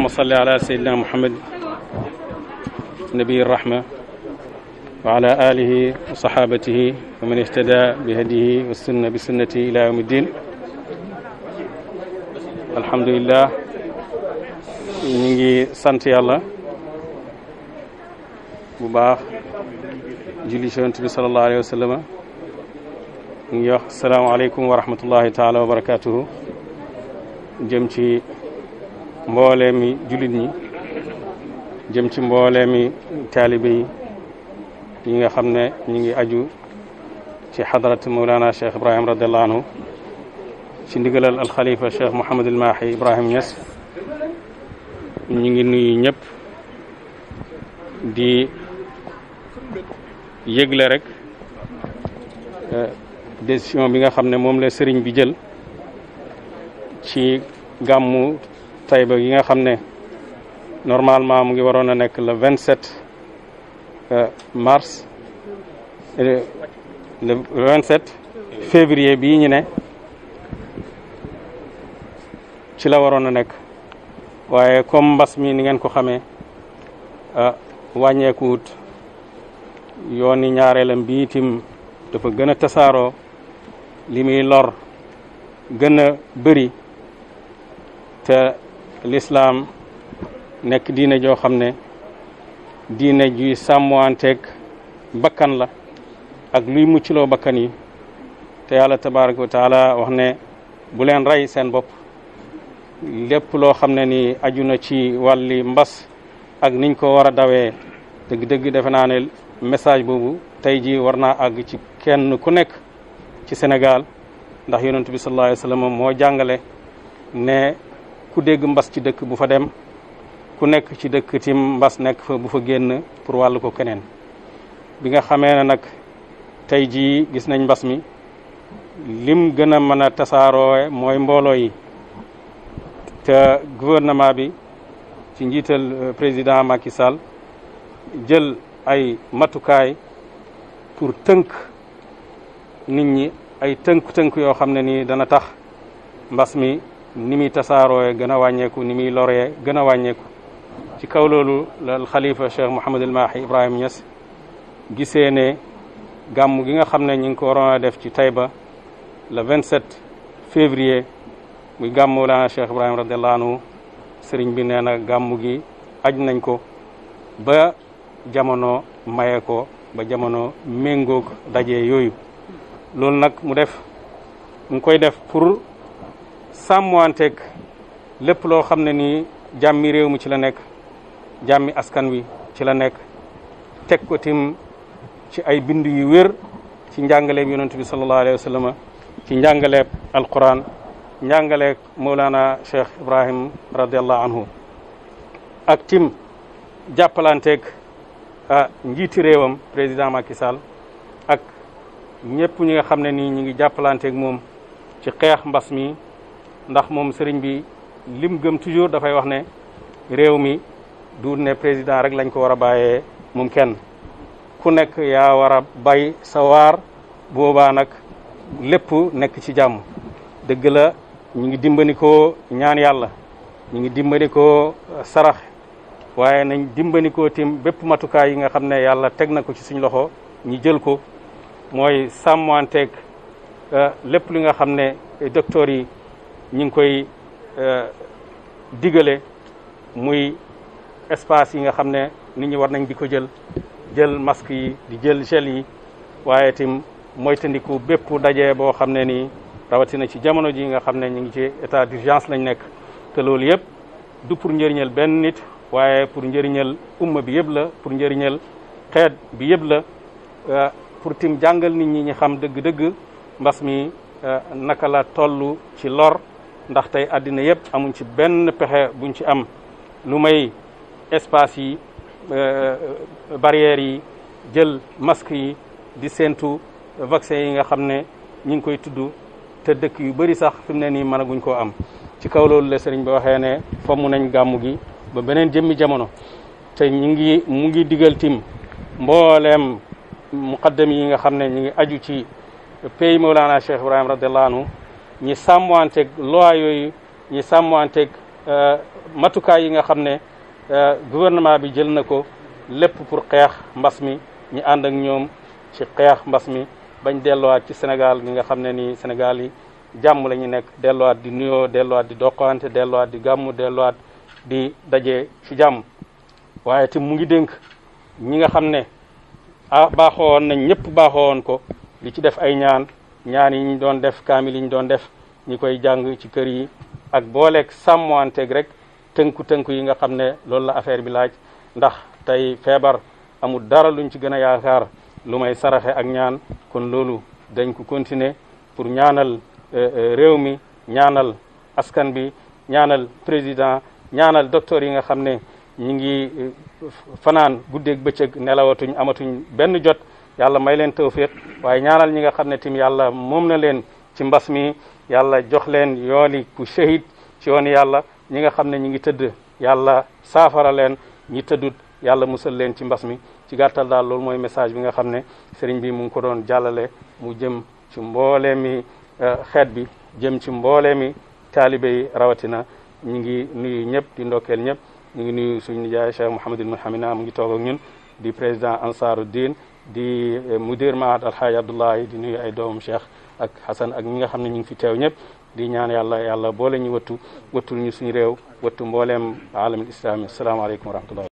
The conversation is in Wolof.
اللهم صل على سيدنا محمد نبي الرحمة وعلى آله وصحابته ومن اهتدى بهديه والسنة بسنته إلى يوم الدين الحمد لله نيجي سانت يالا bu baax julli ci Yonent bi sallallahu alayhi wa sallam ñu ngi wax asalaamaaleykum wa rahmatullahi taala wa barakatuhu jëm ci mboolee mi jullit ñi jëm ci mboolee mi taalibe yi yi nga xam ne ñu ngi aju ci xadarat Mawlana Cheikh Ibrahim radiallahu anhu ci ndigalal alxalifa Cheikh Mouhamadul Mahi Ibrahim Niass ñu ngi nuyu ñëpp di yëgle rek euh, décision bi nga xam ne moom la sëriñ bi jël ci gàmmu Taïba yi nga xam ne normalement mu ngi waroon a nekk le vingt sept euh, mars le vingt sept février bii ñu ne ci la waroon a nekk waaye comme mbas mi ni ngeen ko xamee euh, wàññeekuwut yoon i ñaareelam bi itim dafa gën a tasaaroo li muy lor gën a bëri te lislaam nekk diine joo xam ne diine juy sàmmanteeg bakkan la ak luy muccloo bakkan yi te yàlla tabaraka wa wax ne bu leen rey seen bopp lépp loo xam ne ni aju na ci wàlli mbas ak niñ ko war a dawee dëgg-dëgg defe naane message boobu tey ji war naa àgg ci kenn ku nekk ci Sénégal ndax yonent bi sallallahu alayhi wa moo jàngale ne ku dégg mbas ci dëkk bu fa dem ku nekk ci dëkk tim mbas nekk fa bu fa génn pour wàllu ko keneen bi nga xamee ne nag tey jii gis nañ mbas mi lim gën a mën a tasaaroowe mooy mbooloo yi te gouvernement bi ci njiital euh, président Macky sal jël ay matukaay pour tënk nit ñi ay tënk-tënk yoo xam ne nii dana tax mbas mi ni muy tasaarooye gën a wàññeeku ni muy loree gën a wàññeeku ci kaw loolu la xalifa cheikh Mouhamadul Mahi Ibrahima Niass gisee ne gàmm gi nga xam ne ñu ngi ko waroon def ci Taïba le 27 février muy gàmm Mawlana Cheikh Ibrahima radiallahu anhu sëriñ bi nee na gàmm gi aj nañ ko ba jamono maye ko ba jamono méngoog daje yooyu loolu nag mu def mu koy def pour sàmmanteeg lépp loo xam ne ni jàmmi réew mi ci la nekk jàmmi askan wi ci la nekk teg ko tim ci ay bind yu wér ci njàngaleem yonent bi sallallahu alayhi wa sallam ci njàngaleeb alquran njàngaleeg Mawlana Cheikh Ibrahim radiallahu anhu ak tim jàppalanteeg ah njiiti réewam président Macky Sall ak ñëpp ñi nga xam ne nii ñu ngi jàppalanteeg moom ci xeex mbas mi ndax moom sëriñ bi lim gëm toujours dafay wax ne réew mi du ne président rek lañ ko war a bàyyee moom kenn ku nekk yaa war a bay sa waar boobaa nag lépp nekk ci jàmm dëgg la ñu ngi dimbali ko ñaan yàlla ñu ngi dimbali ko sarax waaye nañ dimbali ko tim bépp matukaay yi nga xam ne yàlla teg na ko ci suñ loxo ñu jël ko mooy sàmmanteeg euh, lépp li nga xam ne docteur yi ñu ngi koy euh, digale muy espace yi nga xam ne ni ñi war nañ di ko jël jël masque yi di jël gel yi waaye itam moytandiku bépp daje boo xam ne nii rawatina ci jamono ji nga xam ne ñu ngi ci état d'urgence lañ nekk te loolu yëpp du pour njëriñal benn nit waaye pour njëriñal umma bi yëpp la pour njëriñal bi yëpp la euh, pour tim jàngal nit ñi ñi xam dëgg-dëgg mbas mi euh, naka la toll ci lor ndax tey àddina yëpp amuñ ci benn pexe buñ ci am lu may espace yi euh, barrières yi jël masque yi di séentu vaccin yi nga xam ne ñi ngi koy tudd te dëkk yu bëri sax fi mu ne nii mënaguñ ko am ci kaw loolu la sëriñ bi waxee ne fomm nañ gàmmu gi ba beneen jëmmi jamono te ñu ngi mu ngi digal tim mbooleem muqaddam yi nga xam ne ñu ngi aju ci pays naa Cheikh Ibrahim radiallahu anhu ñi sàmmanteeg lowaa yooyu ñi sàmmanteeg euh, matukaay yi nga xam ne euh, gouvernement bi jël na ko lépp pour xeex mbas mi ñi ànd ak ñoom ci xeex mbas mi bañ delluwaat ci Sénégal gi nga xam ne nii Sénégal yi jàmm la nekk delluwaat di nuyoo delluwaat di doqante delluwaat di gàmmu delluwaat di daje ci jàmm waaye te mu ngi dénk ñi nga xam ne ah baaxoo woon nañ ñëpp baaxoo woon ko di ci def ay ñaan ñaan yi ñu doon def kaamil yi ñu doon def ñu koy jàng ci kër yi ak booleeg sàmmanteeg rek tënku-tënku yi nga xam ne loolu la affaire bi laaj ndax tey feebar amul dara lu luñ ci gën a yaakaar lu may saraxe ak ñaan kon loolu dañ ko continuer pour ñaanal euh, euh, réew mi ñaanal askan bi ñaanal président ñaanal docteur yi nga xam ne ñi ngi euh, fanaan guddeeg bëccëg nelawatuñ amatuñ benn jot yàlla may leen tawfiq waaye ñaanal ñi nga xam ne tim yàlla moom na leen ci mbas mi yàlla jox leen yooli ku shahid ci yoonu yàlla ñi nga xam ne ñi ngi tëdd yàlla saafara leen ñi tëddut yàlla musal leen ci mbas mi ci gàttal daal loolu mooy message bi nga xam ne sëriñ bi mu ngi ko doon jàllale mu jëm ci mboolee mi euh, xeet bi jëm ci mboolee mi taalibe yi rawatina ñu ngi nuyu ñëpp di ndokkeel ñëpp ñu ngi nuyu suñu nijaay Cheikh Mouhamadul Munhamina mu ngi toog ak ñun di président Ansaru Din di eh, mudir maat alxaaji abdullahi di nuyu ay doomam cheikh ak xasan ak ñi nga xam ne ñu ngi fi teew ñëpp di ñaan yàlla yàlla boole ñu wattu wattul ñu suñu réew wattu mboolem alamul islami asalaamaaleykum wa rahmatullah